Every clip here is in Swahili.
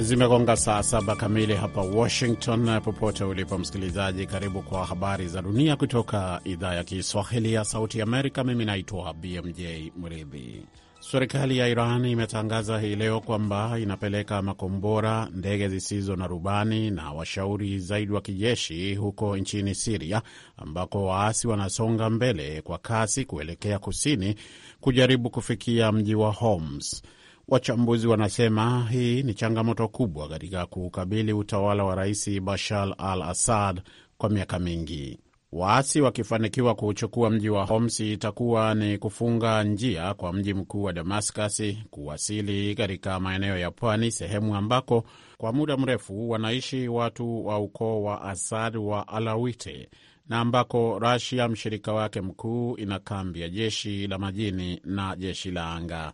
Zimegonga saa saba kamili hapa Washington. Popote ulipo msikilizaji, karibu kwa habari za dunia kutoka idhaa ya Kiswahili ya Sauti Amerika. Mimi naitwa BMJ Mridhi. Serikali ya Iran imetangaza hii leo kwamba inapeleka makombora, ndege zisizo na rubani na washauri zaidi wa kijeshi huko nchini Siria, ambako waasi wanasonga mbele kwa kasi kuelekea kusini kujaribu kufikia mji wa Homs. Wachambuzi wanasema hii ni changamoto kubwa katika kuukabili utawala wa Rais Bashar al Assad kwa miaka mingi. Waasi wakifanikiwa kuuchukua mji wa Homs, itakuwa ni kufunga njia kwa mji mkuu wa Damascus kuwasili katika maeneo ya pwani, sehemu ambako kwa muda mrefu wanaishi watu wa ukoo wa Asad wa Alawite na ambako Rasia, mshirika wake mkuu, ina kambi ya jeshi la majini na jeshi la anga.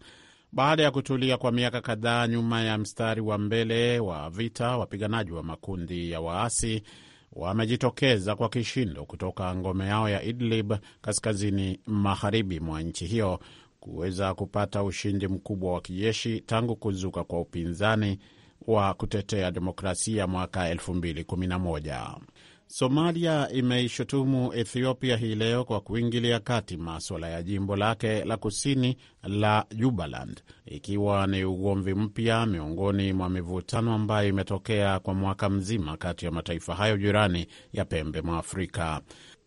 Baada ya kutulia kwa miaka kadhaa nyuma ya mstari wa mbele wa vita, wapiganaji wa makundi ya waasi wamejitokeza kwa kishindo kutoka ngome yao ya Idlib kaskazini magharibi mwa nchi hiyo kuweza kupata ushindi mkubwa wa kijeshi tangu kuzuka kwa upinzani wa kutetea demokrasia mwaka 2011. Somalia imeishutumu Ethiopia hii leo kwa kuingilia kati maswala ya jimbo lake la kusini la Jubaland, ikiwa ni ugomvi mpya miongoni mwa mivutano ambayo imetokea kwa mwaka mzima kati ya mataifa hayo jirani ya pembe mwa Afrika.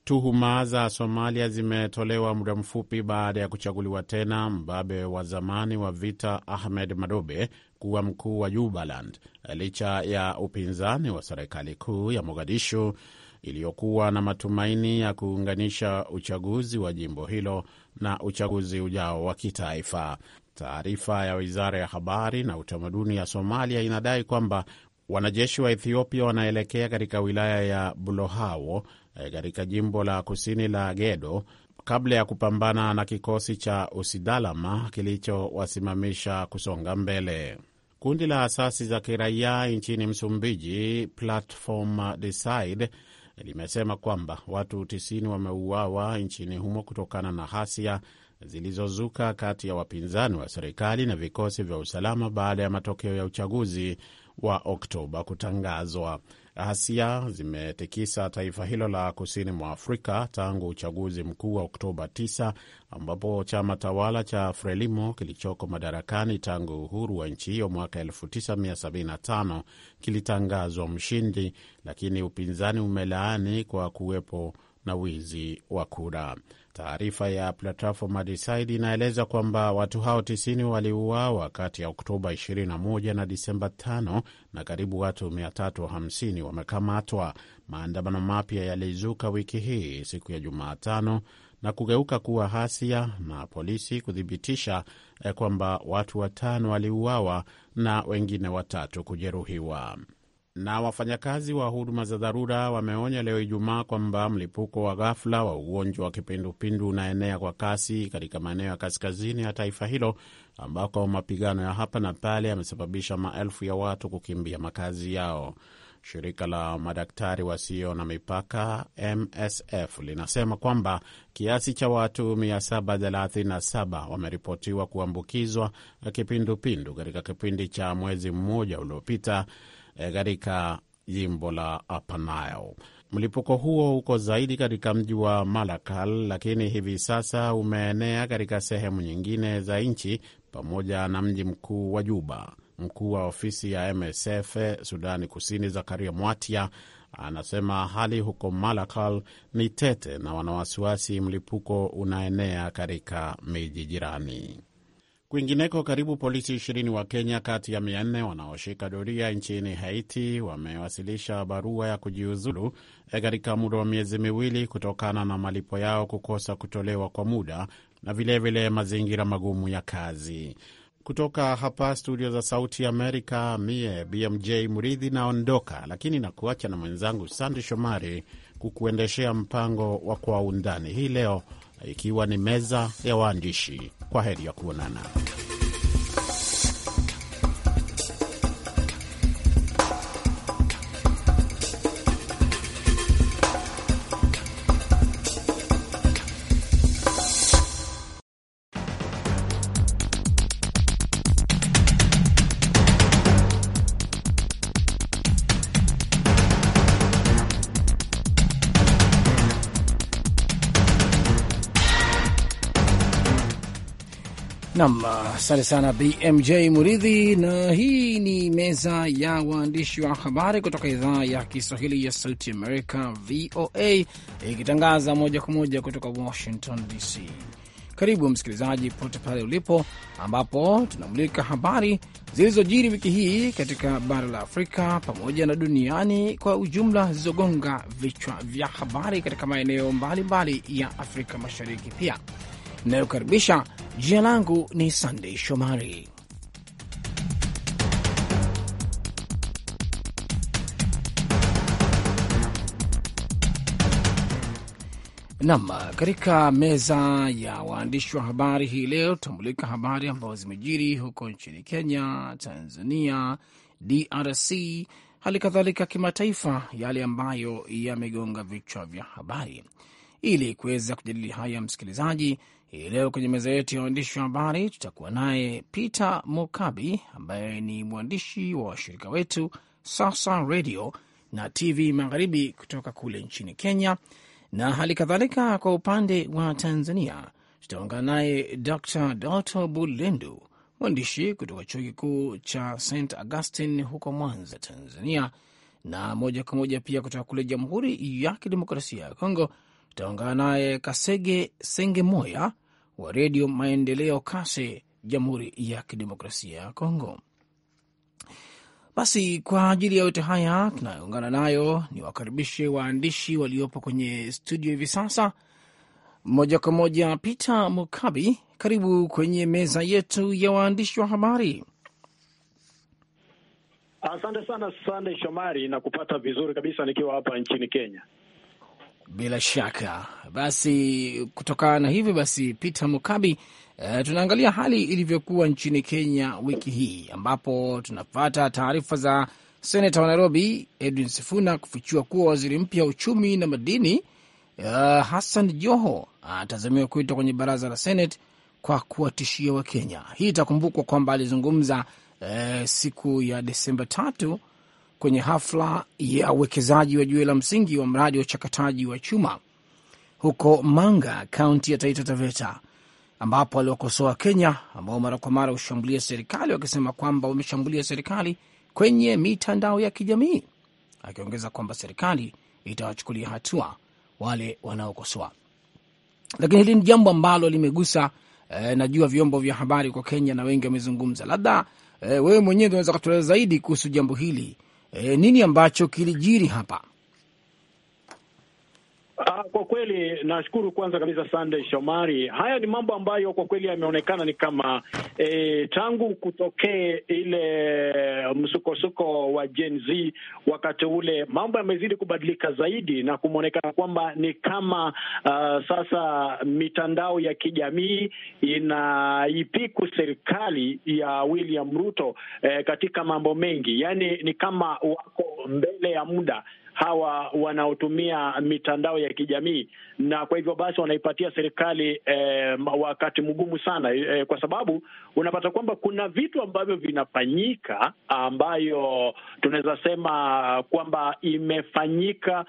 Tuhuma za Somalia zimetolewa muda mfupi baada ya kuchaguliwa tena mbabe wa zamani wa vita Ahmed Madobe kuwa mkuu wa Jubaland licha ya upinzani wa serikali kuu ya Mogadishu iliyokuwa na matumaini ya kuunganisha uchaguzi wa jimbo hilo na uchaguzi ujao wa kitaifa. Taarifa ya wizara ya habari na utamaduni ya Somalia inadai kwamba wanajeshi wa Ethiopia wanaelekea katika wilaya ya Bulohawo Eh, katika jimbo la kusini la Gedo kabla ya kupambana na kikosi cha Usidalama kilichowasimamisha kusonga mbele. Kundi la asasi za kiraia nchini Msumbiji, Platform Decide, limesema kwamba watu 90 wameuawa nchini humo kutokana na ghasia zilizozuka kati ya wapinzani wa serikali na vikosi vya usalama baada ya matokeo ya uchaguzi wa Oktoba kutangazwa. Ghasia zimetikisa taifa hilo la kusini mwa Afrika tangu uchaguzi mkuu wa Oktoba 9 ambapo chama tawala cha Frelimo kilichoko madarakani tangu uhuru wa nchi hiyo mwaka 1975 kilitangazwa mshindi, lakini upinzani umelaani kwa kuwepo na wizi wa kura. Taarifa ya Plataforma Decide inaeleza kwamba watu hao 90 waliuawa kati ya Oktoba 21 na Disemba 5 na karibu watu 350 wamekamatwa. Maandamano mapya yalizuka wiki hii siku ya Jumatano na kugeuka kuwa hasia na polisi kuthibitisha eh, kwamba watu watano waliuawa na wengine watatu kujeruhiwa. Na wafanyakazi wa huduma za dharura wameonya leo Ijumaa kwamba mlipuko wa ghafla wa ugonjwa wa kipindupindu unaenea kwa kasi katika maeneo ya kaskazini ya taifa hilo ambako mapigano ya hapa na pale yamesababisha maelfu ya watu kukimbia makazi yao. Shirika la madaktari wasio na mipaka MSF linasema kwamba kiasi cha watu 737 wameripotiwa kuambukizwa kipindupindu katika kipindi cha mwezi mmoja uliopita Eh, katika jimbo la Upper Nile. Mlipuko huo uko zaidi katika mji wa Malakal, lakini hivi sasa umeenea katika sehemu nyingine za nchi pamoja na mji mkuu wa Juba. Mkuu wa ofisi ya MSF Sudani Kusini, Zakaria Mwatia, anasema hali huko Malakal ni tete na wanawasiwasi mlipuko unaenea katika miji jirani. Kwingineko, karibu polisi ishirini wa Kenya kati ya mia nne wanaoshika doria nchini Haiti wamewasilisha barua ya kujiuzulu eh, katika muda wa miezi miwili kutokana na malipo yao kukosa kutolewa kwa muda na vilevile vile mazingira magumu ya kazi. Kutoka hapa studio za Sauti Amerika, mie BMJ Mridhi naondoka, lakini nakuacha na mwenzangu Sande Shomari kukuendeshea mpango wa Kwa Undani hii leo ikiwa ni meza ya waandishi. Kwa heri ya kuonana. Nam, asante sana BMJ Muridhi, na hii ni meza ya waandishi wa habari kutoka idhaa ya Kiswahili ya Sauti Amerika, VOA, ikitangaza moja kwa moja kutoka Washington DC. Karibu msikilizaji, pote pale ulipo, ambapo tunamulika habari zilizojiri wiki hii katika bara la Afrika pamoja na duniani kwa ujumla, zilizogonga vichwa vya habari katika maeneo mbalimbali ya Afrika Mashariki. Pia inayokaribisha Jina langu ni Sandei Shomari. Nam, katika meza ya waandishi wa habari hii leo tutamulika habari ambazo zimejiri huko nchini Kenya, Tanzania, DRC, hali kadhalika kimataifa, yale ambayo yamegonga vichwa vya habari. Ili kuweza kujadili haya, msikilizaji, hii leo kwenye meza yetu ya waandishi wa habari tutakuwa naye Peter Mukabi ambaye ni mwandishi wa washirika wetu Sasa Radio na TV Magharibi kutoka kule nchini Kenya, na hali kadhalika kwa upande wa Tanzania tutaungana naye Dr Doto Bulendu, mwandishi kutoka chuo kikuu cha St Augustine huko Mwanza, Tanzania, na moja kwa moja pia kutoka kule Jamhuri ya Kidemokrasia ya Kongo tutaungana naye Kasege Sengemoya wa Redio Maendeleo Kase, Jamhuri ya Kidemokrasia ya Kongo. Basi kwa ajili ya yote haya tunayoungana nayo, ni wakaribishe waandishi waliopo kwenye studio hivi sasa moja kwa moja. Peter Mukabi, karibu kwenye meza yetu ya waandishi wa habari. Asante sana Sande Shomari, na kupata vizuri kabisa nikiwa hapa nchini Kenya. Bila shaka basi, kutokana na hivyo basi, Peter Mukabi, e, tunaangalia hali ilivyokuwa nchini Kenya wiki hii ambapo tunapata taarifa za seneta wa Nairobi Edwin Sifuna kufichua kuwa waziri mpya wa uchumi na madini e, Hassan Joho atazamiwa kuitwa kwenye baraza la Senate kwa kuwatishia Wakenya. Hii itakumbukwa kwamba alizungumza e, siku ya Desemba tatu kwenye hafla ya uwekezaji wa jiwe la msingi wa mradi wa uchakataji wa chuma huko Manga, kaunti ya Taita Taveta, ambapo aliwakosoa Kenya ambao mara kwa mara hushambulia serikali wakisema kwamba wameshambulia serikali kwenye mitandao ya kijamii, akiongeza kwamba serikali itawachukulia hatua wale wanaokosoa. Lakini hili ni jambo ambalo limegusa eh, najua vyombo vya habari kwa Kenya na wengi wamezungumza. Labda eh, wewe mwenyewe unaweza kutueleza zaidi kuhusu jambo hili e, nini ambacho kilijiri hapa? Ah, kwa kweli nashukuru kwanza kabisa Sunday Shomari. Haya ni mambo ambayo kwa kweli yameonekana ni kama eh, tangu kutokee ile msukosuko wa Gen Z wakati ule, mambo yamezidi kubadilika zaidi na kumonekana kwamba ni kama uh, sasa mitandao ya kijamii inaipiku serikali ya William Ruto eh, katika mambo mengi, yaani ni kama wako mbele ya muda hawa wanaotumia mitandao ya kijamii, na kwa hivyo basi wanaipatia serikali eh, wakati mgumu sana eh, kwa sababu unapata kwamba kuna vitu ambavyo vinafanyika ambayo tunaweza sema kwamba imefanyika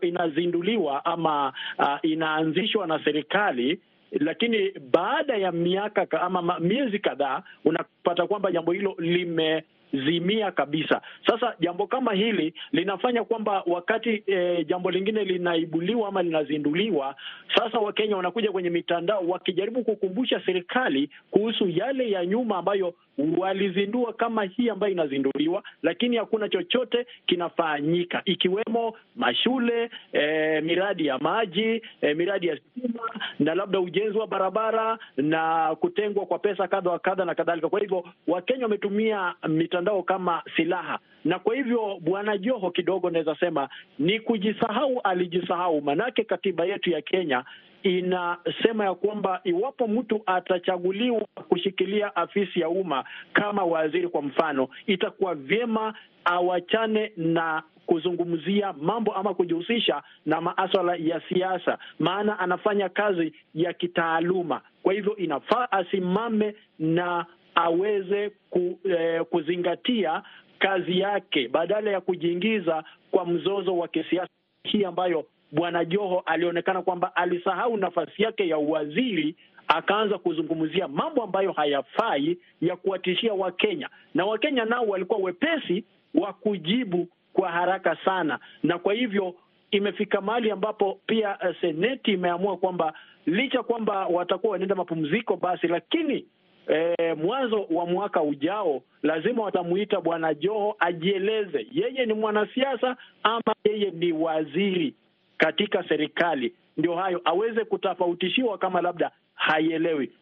inazinduliwa ina, ina, ina, ina ama uh, inaanzishwa na serikali lakini baada ya miaka ama miezi kadhaa unapata kwamba jambo hilo lime zimia kabisa. Sasa jambo kama hili linafanya kwamba wakati e, jambo lingine linaibuliwa ama linazinduliwa, sasa Wakenya wanakuja kwenye mitandao wakijaribu kukumbusha serikali kuhusu yale ya nyuma ambayo walizindua kama hii ambayo inazinduliwa, lakini hakuna chochote kinafanyika, ikiwemo mashule e, miradi ya maji e, miradi ya stima na labda ujenzi wa barabara na kutengwa kwa pesa kadha wa kadha na kadhalika. Kwa hivyo Wakenya wametumia mitandao kama silaha, na kwa hivyo Bwana Joho kidogo naweza sema ni kujisahau, alijisahau, manake katiba yetu ya Kenya inasema ya kwamba iwapo mtu atachaguliwa kushikilia afisi ya umma kama waziri, kwa mfano, itakuwa vyema awachane na kuzungumzia mambo ama kujihusisha na maswala ya siasa, maana anafanya kazi ya kitaaluma. Kwa hivyo inafaa asimame na aweze ku, eh, kuzingatia kazi yake badala ya kujiingiza kwa mzozo wa kisiasa hii ambayo Bwana Joho alionekana kwamba alisahau nafasi yake ya uwaziri, akaanza kuzungumzia mambo ambayo hayafai ya kuwatishia Wakenya, na Wakenya nao walikuwa wepesi wa kujibu kwa haraka sana, na kwa hivyo imefika mahali ambapo pia eh, seneti imeamua kwamba licha kwamba watakuwa wanaenda mapumziko basi, lakini e, mwanzo wa mwaka ujao lazima watamuita Bwana Joho ajieleze, yeye ni mwanasiasa ama yeye ni waziri katika serikali, ndio hayo aweze kutofautishiwa kama labda haielewi.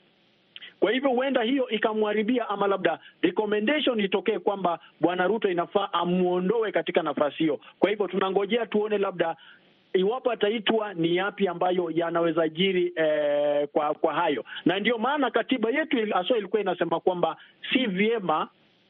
Kwa hivyo huenda hiyo ikamwharibia, ama labda recommendation itokee kwamba bwana Ruto inafaa amuondoe katika nafasi hiyo. Kwa hivyo tunangojea tuone labda iwapo ataitwa ni yapi ambayo yanaweza jiri eh, kwa kwa hayo, na ndio maana katiba yetu haswa ilikuwa inasema kwamba si vyema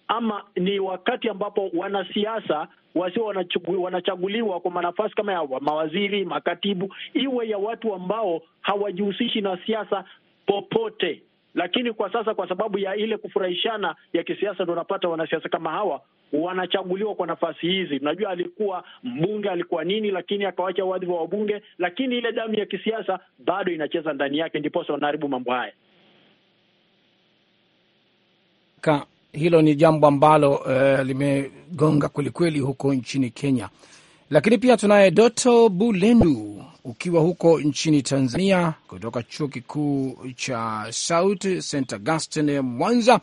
ama ni wakati ambapo wanasiasa wasio wanachaguliwa kwa manafasi kama ya mawaziri, makatibu, iwe ya watu ambao hawajihusishi na siasa popote. Lakini kwa sasa, kwa sababu ya ile kufurahishana ya kisiasa, ndo unapata wanasiasa kama hawa wanachaguliwa kwa nafasi hizi. unajua alikuwa mbunge, alikuwa nini, lakini akawacha wadhifa wa bunge, lakini ile damu ya kisiasa bado inacheza ndani yake, ndiposa wanaharibu mambo haya hilo ni jambo ambalo uh, limegonga kwelikweli huko nchini Kenya. Lakini pia tunaye Doto Bulendu ukiwa huko nchini Tanzania, kutoka chuo kikuu cha South St Augustine Mwanza.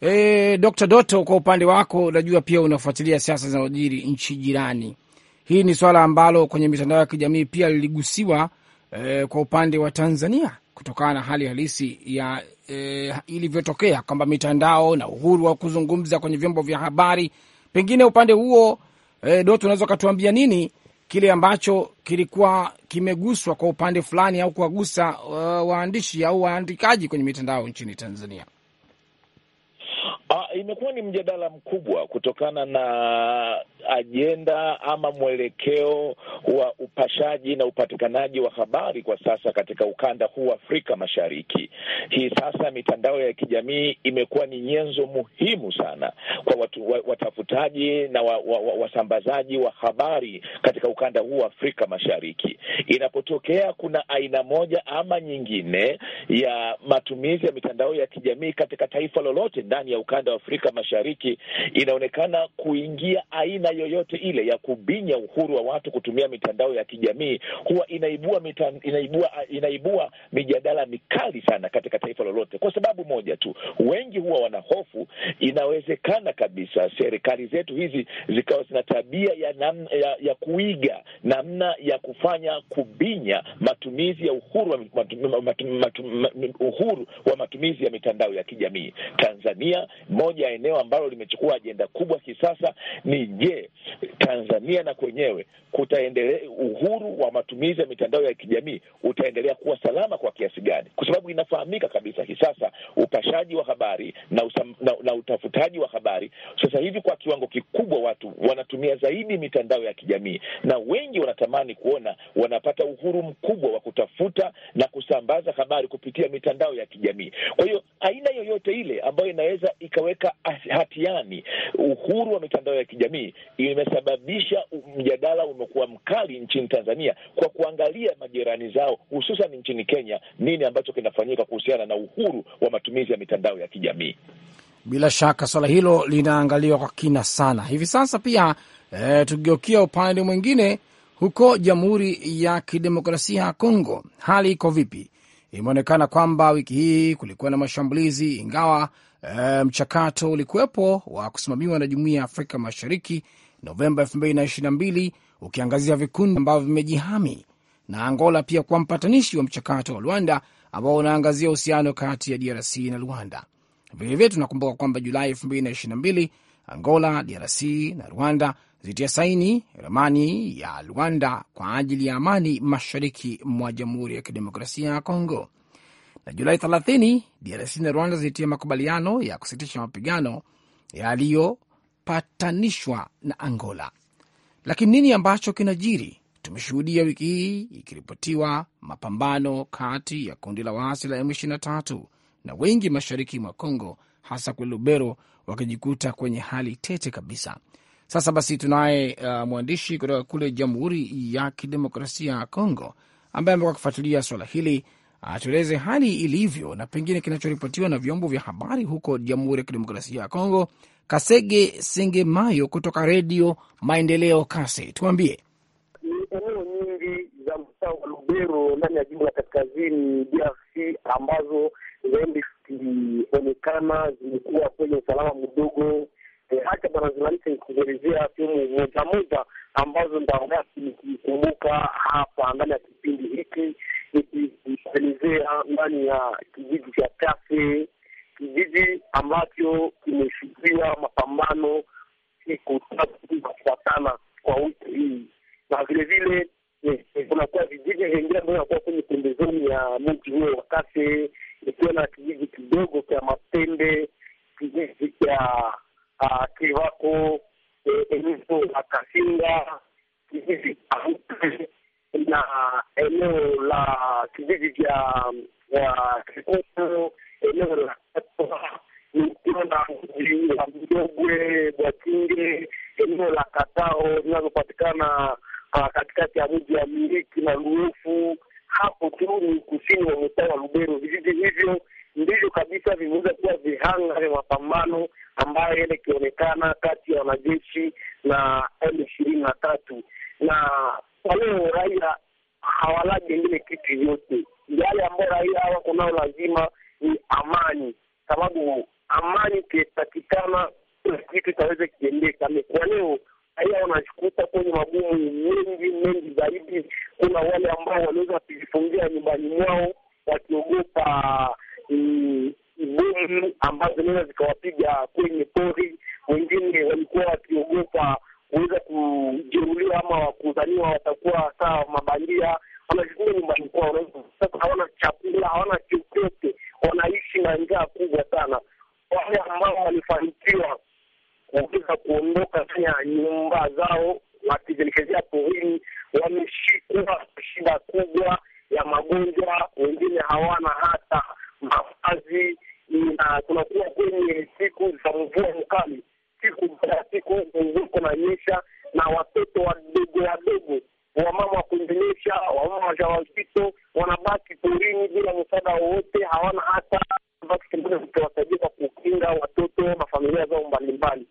E, eh, Dr. Doto, kwa upande wako najua pia unafuatilia siasa zinazojiri nchi jirani. Hii ni swala ambalo kwenye mitandao ya kijamii pia liligusiwa e, kwa upande wa Tanzania kutokana na hali halisi ya eh, ilivyotokea kwamba mitandao na uhuru wa kuzungumza kwenye vyombo vya habari, pengine upande huo eh, Doto, unaweza ukatuambia nini kile ambacho kilikuwa kimeguswa kwa upande fulani au kuwagusa uh, waandishi au waandikaji kwenye mitandao nchini Tanzania? Uh, imekuwa ni mjadala mkubwa kutokana na ajenda ama mwelekeo wa upashaji na upatikanaji wa habari kwa sasa katika ukanda huu wa Afrika Mashariki. Hii sasa mitandao ya kijamii imekuwa ni nyenzo muhimu sana kwa watu, wa, watafutaji na wa, wa, wa, wasambazaji wa habari katika ukanda huu wa Afrika Mashariki. Inapotokea kuna aina moja ama nyingine ya matumizi ya mitandao ya kijamii katika taifa lolote ndani ya ukanda ukanda wa Afrika Mashariki inaonekana kuingia aina yoyote ile ya kubinya uhuru wa watu kutumia mitandao ya kijamii huwa inaibua mita, inaibua inaibua mijadala mikali sana katika taifa lolote, kwa sababu moja tu, wengi huwa wanahofu, inawezekana kabisa serikali zetu hizi zikawa zina tabia ya, nam, ya, ya kuiga namna ya kufanya kubinya matumizi ya uhuru wa, matum, matum, matum, uhuru wa matumizi ya mitandao ya kijamii Tanzania moja ya eneo ambalo limechukua ajenda kubwa kisasa ni je, Tanzania na kwenyewe kutaendelea, uhuru wa matumizi ya mitandao ya kijamii utaendelea kuwa salama kwa kiasi gani? Kwa sababu inafahamika kabisa kisasa upashaji wa habari na, usam, na, na utafutaji wa habari sasa hivi kwa kiwango kikubwa watu wanatumia zaidi mitandao ya kijamii, na wengi wanatamani kuona wanapata uhuru mkubwa wa kutafuta na kusambaza habari kupitia mitandao ya kijamii. Kwa hiyo aina yoyote ile ambayo inaweza ik ikaweka hatiani uhuru wa mitandao ya kijamii imesababisha mjadala umekuwa mkali nchini Tanzania kwa kuangalia majirani zao hususan nchini Kenya, nini ambacho kinafanyika kuhusiana na uhuru wa matumizi ya mitandao ya kijamii. Bila shaka swala hilo linaangaliwa kwa kina sana hivi sasa. Pia e, tukigeukia upande mwingine, huko Jamhuri ya Kidemokrasia ya Kongo hali iko vipi? Imeonekana kwamba wiki hii kulikuwa na mashambulizi, ingawa Eh, mchakato ulikuwepo wa kusimamiwa na Jumuiya ya Afrika Mashariki Novemba 2022 ukiangazia vikundi ambavyo vimejihami na Angola pia kwa mpatanishi wa mchakato wa Rwanda ambao unaangazia uhusiano kati ya DRC na Rwanda. Vilevile tunakumbuka kwamba Julai 2022 Angola, DRC na Rwanda zilitia saini ramani ya Rwanda kwa ajili ya amani mashariki mwa Jamhuri ya Kidemokrasia ya Kongo na Julai 30 DRC na Rwanda zilitia makubaliano ya kusitisha mapigano yaliyopatanishwa na Angola. Lakini nini ambacho kinajiri? Tumeshuhudia wiki hii ikiripotiwa mapambano kati ya kundi la waasi la M23 na wengi mashariki mwa congo hasa kule Lubero, wakijikuta kwenye hali tete kabisa. Sasa basi tunaye uh, mwandishi kutoka kule Jamhuri ya Kidemokrasia ya congo ambaye amekuwa akifuatilia swala hili atueleze hali ilivyo na pengine kinachoripotiwa na vyombo vya habari huko Jamhuri ya Kidemokrasia ya Kongo. Kasege Sengemayo kutoka Redio Maendeleo Kase, tuambie eneo nyingi za mtaa wa Lubero ndani ya jimbo la kaskazini DRC ambazo zaendi zikionekana zimekuwa kwenye usalama mdogo E, hata baraza la nchi kuelezea sehemu moja moja ambazo ndaaa nikikumbuka hapa ndani ya kipindi hiki nikielezea ndani ya kijiji cha Tafe, kijiji ambacho kimeshuhudia mapambano siku tatu kufuatana kwa wiki hii, na vilevile eh, eh, kunakuwa vijiji vingine ambayo inakuwa kwenye pembezoni ya mji huo wa Tase, ikiwa na kijiji kidogo kitu itaweze kutendeka. Kwa leo raia wanashikuta kwenye magumu mengi mengi zaidi. Kuna wale ambao waliweza kujifungia nyumbani mwao wakiogopa mm, bomu ambazo zinaweza zikawapiga kwenye pori. Wengine walikuwa wakiogopa kuweza kujeruliwa ama kudhaniwa watakuwa saa mabandia. Wanashukulia nyumbani kwao, sasa hawana chakula, hawana chochote, wanaishi na njaa kubwa sana. Wale ambao walifanikiwa kuweza kuondoka ndani ya nyumba zao, wakizelekezea porini. Wameshikwa shida kubwa ya magonjwa, wengine hawana hata mavazi, na kunakuwa kwenye siku za mvua mkali, siku baada ya siku mvua nyesha na watoto wadogo wadogo wamama wa kuendelesha wamama wajawazito wanabaki porini bila msaada wowote, hawana hata kiwasaidia kwa kukinga watoto na familia zao mbalimbali.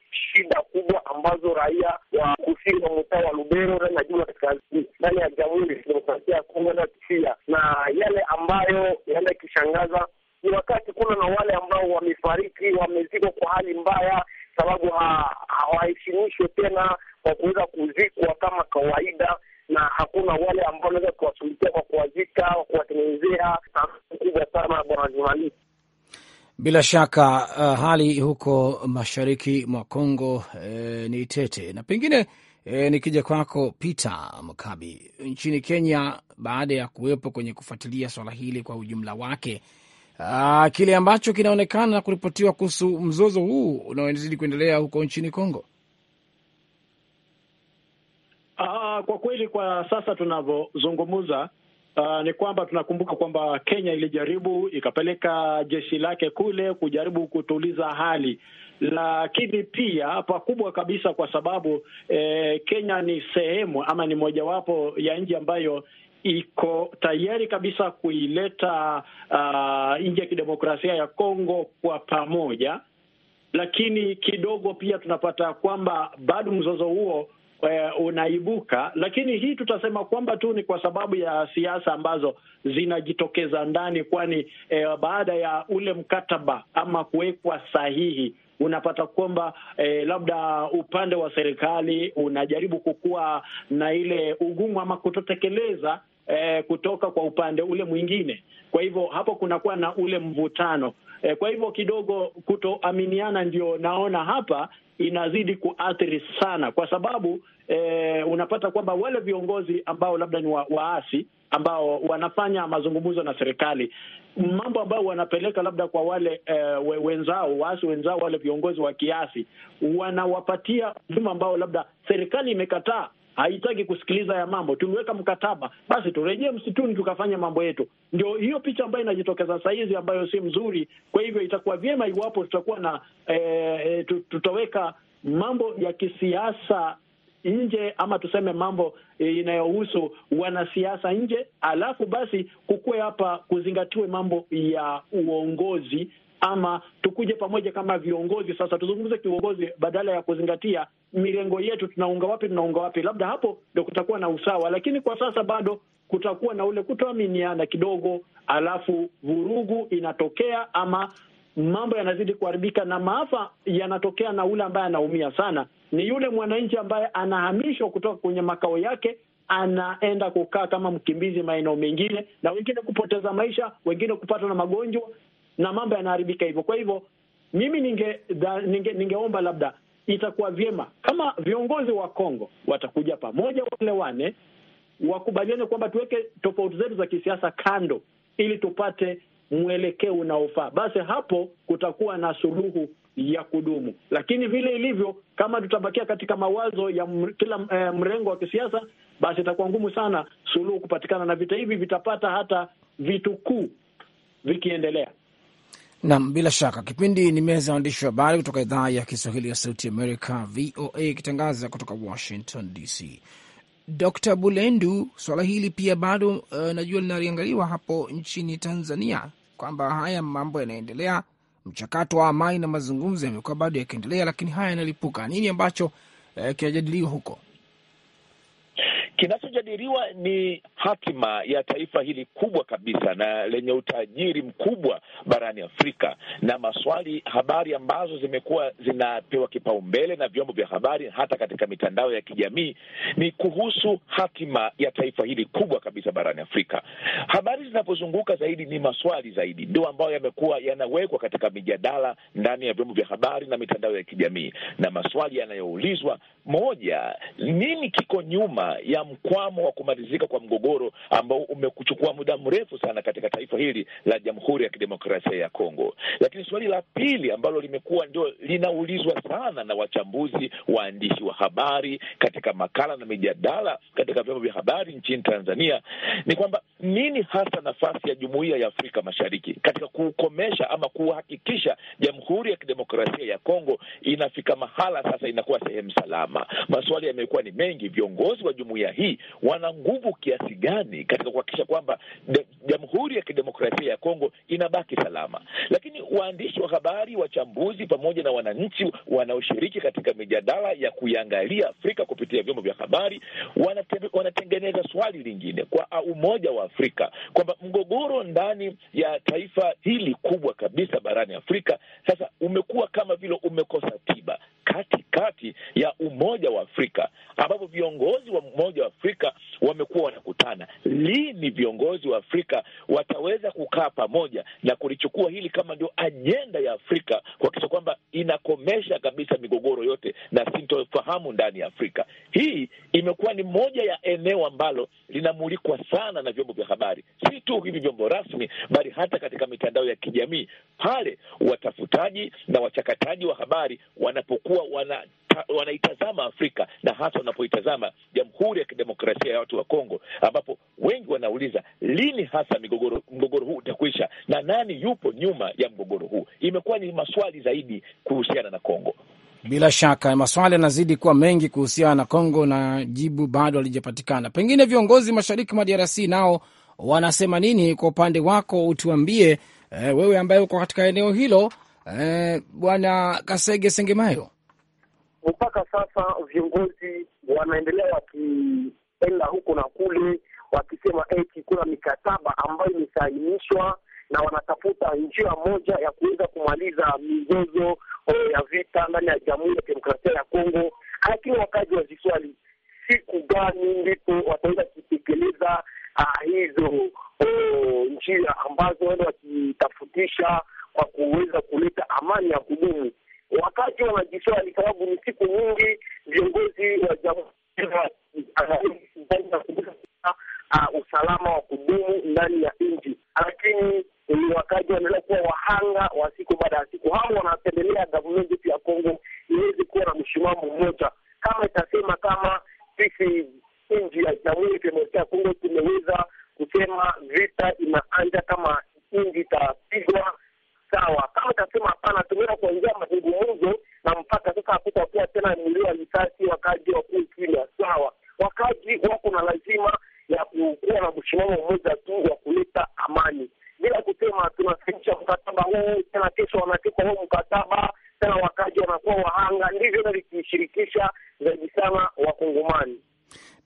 Kiru na Juma ndani ya Jamhuri ya ya Kongo na kisia, na yale ambayo yale ikishangaza ni wakati kuna na wale ambao wamefariki wamezikwa kwa hali mbaya, sababu hawaheshimishwe ha, tena kwa kuweza kuzikwa kama kawaida, na hakuna wale ambao wanaweza kuwashughulikia kwa kuwazika, kuwatengenezea kubwa sana bwana journalist. Bila shaka uh, hali huko mashariki mwa Kongo eh, ni tete na pengine E, nikija kwako Peter Mkabi nchini Kenya, baada ya kuwepo kwenye kufuatilia swala hili kwa ujumla wake, aa, kile ambacho kinaonekana na kuripotiwa kuhusu mzozo huu unaozidi kuendelea huko nchini Kongo. Aa, ah, kwa kweli kwa sasa tunavyozungumza Uh, ni kwamba tunakumbuka kwamba Kenya ilijaribu ikapeleka jeshi lake kule kujaribu kutuliza hali, lakini pia pakubwa kabisa kwa sababu eh, Kenya ni sehemu ama ni mojawapo ya nchi ambayo iko tayari kabisa kuileta uh, nchi ya kidemokrasia ya Kongo kwa pamoja, lakini kidogo pia tunapata kwamba bado mzozo huo Eh, unaibuka, lakini hii tutasema kwamba tu ni kwa sababu ya siasa ambazo zinajitokeza ndani, kwani e, baada ya ule mkataba ama kuwekwa sahihi unapata kwamba eh, labda upande wa serikali unajaribu kukuwa na ile ugumu ama kutotekeleza eh, kutoka kwa upande ule mwingine. Kwa hivyo hapo kunakuwa na ule mvutano eh, kwa hivyo kidogo kutoaminiana ndio naona hapa inazidi kuathiri sana, kwa sababu eh, unapata kwamba wale viongozi ambao labda ni wa, waasi ambao wanafanya mazungumzo na serikali, mambo ambayo wanapeleka labda kwa wale eh, wenzao waasi wenzao, wale viongozi wa kiasi wanawapatia huduma ambao labda serikali imekataa haitaki kusikiliza ya mambo. Tuliweka mkataba, basi turejee msituni tukafanya mambo yetu. Ndio hiyo picha ambayo inajitokeza sahizi, ambayo si mzuri. Kwa hivyo itakuwa vyema iwapo tutakuwa na e, tutaweka mambo ya kisiasa nje ama tuseme mambo eh, inayohusu wanasiasa nje, alafu basi kukuwe hapa kuzingatiwe mambo ya uongozi ama tukuje pamoja kama viongozi sasa, tuzungumze kiuongozi badala ya kuzingatia mirengo yetu, tunaunga wapi, tunaunga wapi. Labda hapo ndio kutakuwa na usawa, lakini kwa sasa bado kutakuwa na ule kutoaminiana kidogo, alafu vurugu inatokea ama mambo yanazidi kuharibika na maafa yanatokea, na ule ambaye anaumia sana ni yule mwananchi ambaye anahamishwa kutoka kwenye makao yake anaenda kukaa kama mkimbizi maeneo mengine, na wengine kupoteza maisha, wengine kupatwa na magonjwa, na mambo yanaharibika hivyo. Kwa hivyo mimi ninge, da, ninge ningeomba labda itakuwa vyema kama viongozi wa Kongo watakuja pamoja, waelewane, wakubaliane kwamba tuweke tofauti zetu za kisiasa kando ili tupate mwelekeo unaofaa, basi hapo kutakuwa na suluhu ya kudumu. Lakini vile ilivyo, kama tutabakia katika mawazo ya kila eh, mrengo wa kisiasa, basi itakuwa ngumu sana suluhu kupatikana, na vita hivi vitapata hata vitukuu vikiendelea. Nam, bila shaka kipindi ni meza ya waandishi wa habari kutoka idhaa ya Kiswahili ya Sauti Amerika, VOA, ikitangaza kutoka Washington DC. Dr Bulendu, swala hili pia bado uh, najua linaliangaliwa hapo nchini Tanzania, kwamba haya mambo yanaendelea, mchakato wa amani na mazungumzo yamekuwa bado yakiendelea, lakini haya yanalipuka. Nini ambacho uh, kinajadiliwa huko? kinachojadiliwa ni hatima ya taifa hili kubwa kabisa na lenye utajiri mkubwa barani Afrika, na maswali habari ambazo zimekuwa zinapewa kipaumbele na vyombo vya habari hata katika mitandao ya kijamii ni kuhusu hatima ya taifa hili kubwa kabisa barani Afrika. Habari zinapozunguka zaidi ni maswali zaidi, ndio ambayo yamekuwa yanawekwa katika mijadala ndani ya vyombo vya habari na mitandao ya kijamii, na maswali yanayoulizwa, moja, nini kiko nyuma ya mkwamo wa kumalizika kwa mgogoro ambao umekuchukua muda mrefu sana katika taifa hili la Jamhuri ya Kidemokrasia ya Kongo. Lakini swali la pili ambalo limekuwa ndio linaulizwa sana na wachambuzi, waandishi wa habari katika makala na mijadala katika vyombo vya habari nchini Tanzania ni kwamba nini hasa nafasi ya jumuiya ya Afrika Mashariki katika kukomesha ama kuhakikisha Jamhuri ya Kidemokrasia ya Kongo inafika mahala sasa inakuwa sehemu salama? Maswali yamekuwa ni mengi. Viongozi wa jumuiya hii wana nguvu kiasi gani katika kuhakikisha kwamba de Jamhuri ya Kidemokrasia ya Kongo inabaki salama, lakini waandishi wa habari, wachambuzi, pamoja na wananchi wanaoshiriki katika mijadala ya kuiangalia Afrika kupitia vyombo vya habari wanatengeneza swali lingine kwa umoja wa Afrika kwamba mgogoro ndani ya taifa hili kubwa kabisa barani Afrika sasa umekuwa kama vile umekosa tiba katikati kati ya umoja wa Afrika ambapo viongozi wa umoja wa Afrika wamekuwa kukutana. Lini viongozi wa Afrika wataweza kukaa pamoja na kulichukua hili kama ndio ajenda ya Afrika kuhakikisha kwamba inakomesha kabisa migogoro yote na sintofahamu ndani ya Afrika? Hii imekuwa ni moja ya eneo ambalo linamulikwa sana na vyombo vya habari, si tu hivi vyombo rasmi, bali hata katika mitandao ya kijamii, pale watafutaji na wachakataji wa habari wanapokuwa wana wanaitazama Afrika na hasa wanapoitazama Jamhuri ya Kidemokrasia ya Watu wa Kongo, ambapo wengi wanauliza lini hasa migogoro, mgogoro huu utakwisha na nani yupo nyuma ya mgogoro huu. Imekuwa ni maswali zaidi kuhusiana na Kongo. Bila shaka maswali yanazidi kuwa mengi kuhusiana na Kongo na jibu bado halijapatikana. Pengine viongozi mashariki mwa DRC nao wanasema nini? Kwa upande wako utuambie, eh, wewe ambaye uko katika eneo hilo, eh, bwana Kasege Sengemayo mpaka sasa viongozi wanaendelea wakienda huko na kule, wakisema eti kuna mikataba ambayo imesainishwa na wanatafuta njia moja ya kuweza kumaliza mizozo eh, ya vita ndani ya Jamhuri ya Kidemokrasia ya Kongo, lakini wakazi waziswali siku gani ndipo wataweza kutekeleza ah, hizo oh, njia ambazo waenda wakitafutisha kwa kuweza kuleta amani ya kudumu wanajisoa ni sababu ni siku nyingi viongozi wa jamhuri mkataba huu tena, kesho wanatupa huu mkataba tena, wakaji wanakuwa wahanga, ndivyo navikishirikisha zaidi sana Wakongomani.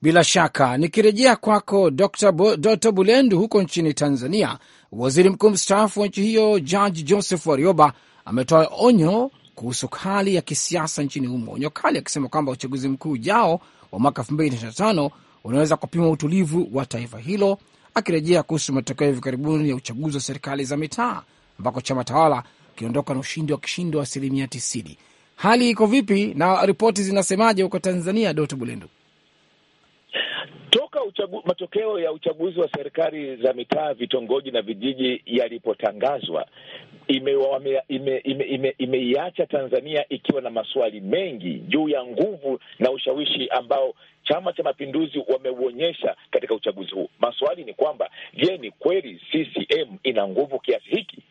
Bila shaka nikirejea kwako Dr. Dr. Bulendu huko nchini Tanzania, waziri mkuu mstaafu wa nchi hiyo Jaji Joseph Warioba ametoa onyo kuhusu hali ya kisiasa nchini humo, onyo kali akisema kwamba uchaguzi mkuu ujao wa mwaka 2025 unaweza kupima utulivu wa taifa hilo, akirejea kuhusu matokeo ya hivi karibuni ya uchaguzi wa serikali za mitaa ambako chama tawala kiondoka na ushindi wa kishindo wa asilimia tisini. Hali iko vipi na ripoti zinasemaje huko Tanzania, Doto Bulendo? Toka uchagu, matokeo ya uchaguzi wa serikali za mitaa, vitongoji na vijiji yalipotangazwa imeiacha ime, ime, ime, ime Tanzania ikiwa na maswali mengi juu ya nguvu na ushawishi ambao Chama cha Mapinduzi wameuonyesha katika uchaguzi huu. Maswali ni kwamba je, ni kweli CCM ina nguvu kiasi hiki?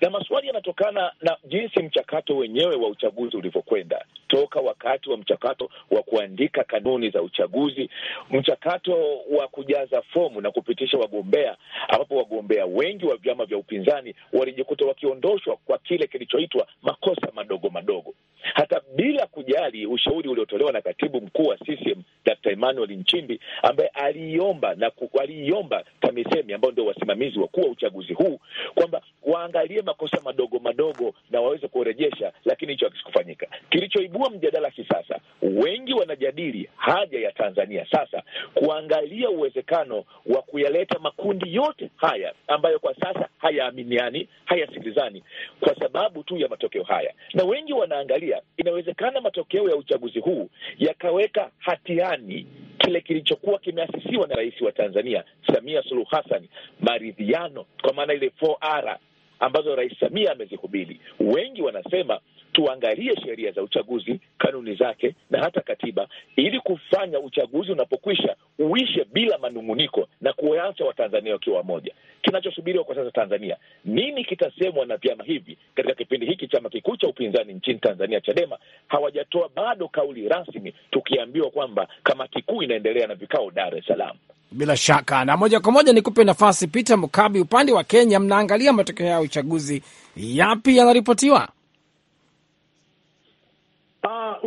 na maswali yanatokana na jinsi mchakato wenyewe wa uchaguzi ulivyokwenda toka wakati wa mchakato wa kuandika kanuni za uchaguzi, mchakato wa kujaza fomu na kupitisha wagombea, ambapo wagombea wengi wa vyama vya upinzani walijikuta wakiondoshwa kwa kile kilichoitwa makosa madogo madogo, hata bila kujali ushauri uliotolewa na katibu mkuu wa CCM Dkt. Emmanuel Nchimbi ambaye aliiomba na aliiomba TAMISEMI ambao ndio wasimamizi wakuu wa uchaguzi huu kwamba waangalie makosa madogo madogo na waweze kurejesha, lakini hicho hakikufanyika kilichoibu huo mjadala kisasa, wengi wanajadili haja ya Tanzania sasa kuangalia uwezekano wa kuyaleta makundi yote haya ambayo kwa sasa hayaaminiani, hayasikilizani kwa sababu tu ya matokeo haya, na wengi wanaangalia inawezekana matokeo ya uchaguzi huu yakaweka hatiani kile kilichokuwa kimeasisiwa na Rais wa Tanzania Samia Suluhu Hassan, maridhiano, kwa maana ile 4R ambazo Rais Samia amezihubiri. Wengi wanasema tuangalie sheria za uchaguzi, kanuni zake na hata katiba, ili kufanya uchaguzi unapokwisha uishe bila manunguniko na kuwaacha Watanzania wakiwa wamoja. Kinachosubiriwa kwa sasa Tanzania, nini kitasemwa na vyama hivi? Katika kipindi hiki chama kikuu cha upinzani nchini Tanzania, Chadema, hawajatoa bado kauli rasmi, tukiambiwa kwamba kamati kuu inaendelea na vikao Dar es Salaam. Bila shaka na moja kwa moja nikupe nafasi Peter Mukabi, upande wa Kenya mnaangalia matokeo ya uchaguzi, yapi yanaripotiwa?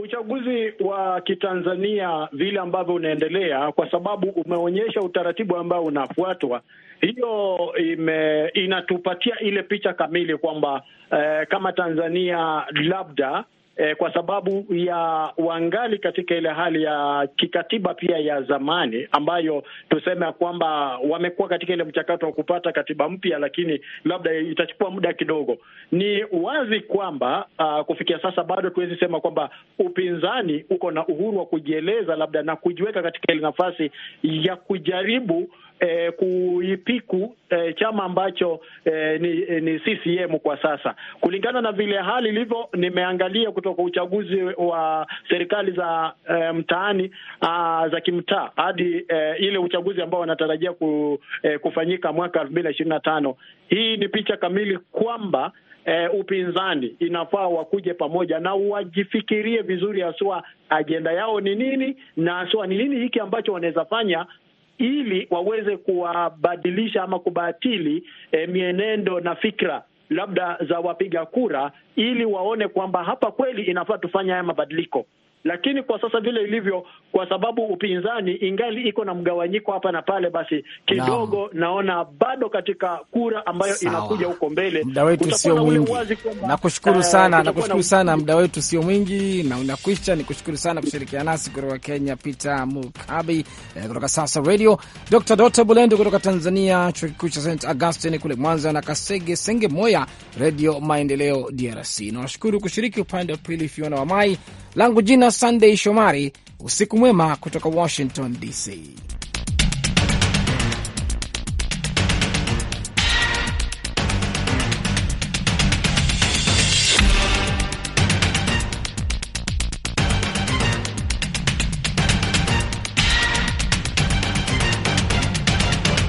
uchaguzi wa Kitanzania vile ambavyo unaendelea, kwa sababu umeonyesha utaratibu ambao unafuatwa, hiyo ime, inatupatia ile picha kamili kwamba eh, kama Tanzania labda eh, kwa sababu ya wangali katika ile hali ya kikatiba pia ya zamani ambayo tuseme kwamba wamekuwa katika ile mchakato wa kupata katiba mpya, lakini labda itachukua muda kidogo. Ni wazi kwamba uh, kufikia sasa bado tuwezi sema kwamba upinzani uko na uhuru wa kujieleza labda na kujiweka katika ile nafasi ya kujaribu eh, kuipiku eh, chama ambacho eh, ni, eh, ni CCM kwa sasa, kulingana na vile hali ilivyo. Nimeangalia kutoka uchaguzi wa serikali za eh, mtaani ah, za kimtaa hadi eh, ile uchaguzi ambao wanatarajia ku, eh, kufanyika mwaka elfu mbili na ishirini na tano. Hii ni picha kamili kwamba eh, upinzani inafaa wakuje pamoja na wajifikirie vizuri haswa ajenda yao ni nini na haswa ni nini hiki ambacho wanaweza fanya ili waweze kuwabadilisha ama kubatili e, eh, mienendo na fikra labda za wapiga kura, ili waone kwamba hapa kweli inafaa tufanye haya mabadiliko. Lakini kwa sasa vile ilivyo, kwa sababu upinzani ingali iko na mgawanyiko hapa na pale, basi kidogo no. naona bado katika kura ambayo Sawa. inakuja huko mbele, muda wetu sio mwingi. Nakushukuru eh, sana, nakushukuru sana, muda wetu sio mwingi na unakwisha. Nikushukuru sana kushirikiana nasi kutoka Kenya, Peter Mukabi eh, kutoka sasa radio, Dr. Dota Bulendo kutoka Tanzania, chuo kikuu cha St Augustine kule Mwanza, na Kasege Senge Moya, radio Maendeleo DRC. Nawashukuru kushiriki upande wa pili, Fiona Wamai langu jina Sandey Shomari. Usiku mwema kutoka Washington DC.